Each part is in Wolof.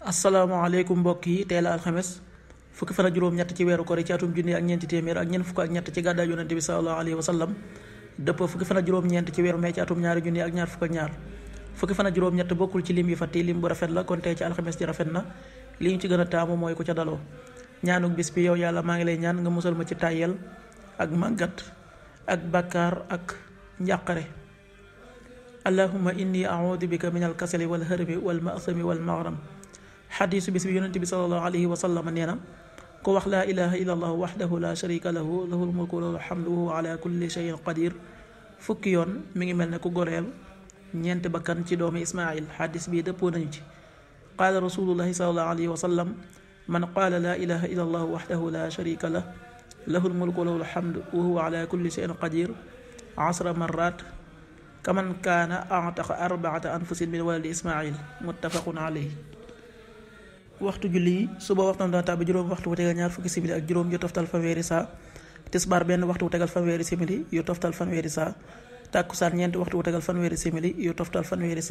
asalaamaaleykum mbokk yi tey la alxames fukki fan ak juróom-ñett ci weeru koor ci atum junni ak ñeenti téeméer ak ñeent fukk ak ñett ci gàddaay yonente bi sallallahu alayhi wa dëpp fukki fan ak juróom-ñeent ci weeru mee ci atum ñaari junni ak ñaar fukk ak ñaar fukki fan ak juróom-ñett bokkul ci lim yi fàtti lim bu rafet la kon tey ci alxames ji rafet na li ñu ci gën a taamu mooy ko ca daloo ñaanuk bis bi yow yàlla maa ngi lay ñaan nga musal ma ci tàyyel ak màggat ak bàkkaar ak njàqare allahuma inni audu bika min alkasali walxërmi walmasami walmaram xadiisu bis bi yonente bi salallahu alayhi wa sallam nee na ku wax laa ilaha illa allah waxdahu la sharika lahu lahul mulku lahul xamdu wa ala kulli cheyin qadir fukki yoon mi ngi mel ne ku goreel ñeent bakkan ci doomu ismail xadis bi dëppoo nañu ci qaala rasulullahi salallahu alayhi wa sallam man qaala laa ilaha illa allah waxdahu la sharika lah lahul mulku lahul xamdu wa huwa ala kulli cheyin qadir asra marat kaman kaana ataqa arbaata anfusin min waladi ismail muttafaqun alayhi waxtu julli yi suba waxtaan dana tàbbi juróom waxtu wu tegal ñaar fukki simili ak juróom yu toftal fanweeri saa tisbaar benn waxtu wu tegal fanweeri simili yu toftal fanweeri saa tàkkusaan ñeenti waxtu wu tegal fanweeri simili yu toftal fanweeri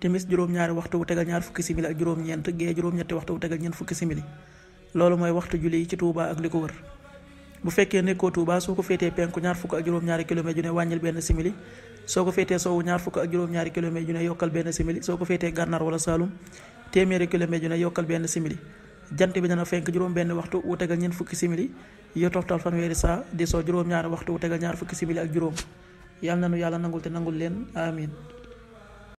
timis juróom-ñaari waxtu wu tegal ñaar fukki simili ak ñeent gee juróom-ñetti waxtu wu tegal ñeent fukki simili loolu mooy waxtu julli yi ci Touba ak li ko wër bu fekkee nekkoo Touba soo ko féetee penku ñaar fukk ak juróom-ñaari kilomètre ju ne wàññil benn simili soo ko féetee soowu ñaar fukk ak juróom-ñaari kilomètre ju ne yokkal benn simili soo ko féetee gànnaar wala téeméeri kilomètre yu ne yokkal benn simili jant bi nana fenk juróom benn waxtu wu tegal ñeent fukki simili yu toftal fanweeri saa di soo juróom-ñaari waxtu wu tegal ñaar fukki simili ak juróom yàlla na nu yàlla nangul te nangul leen amin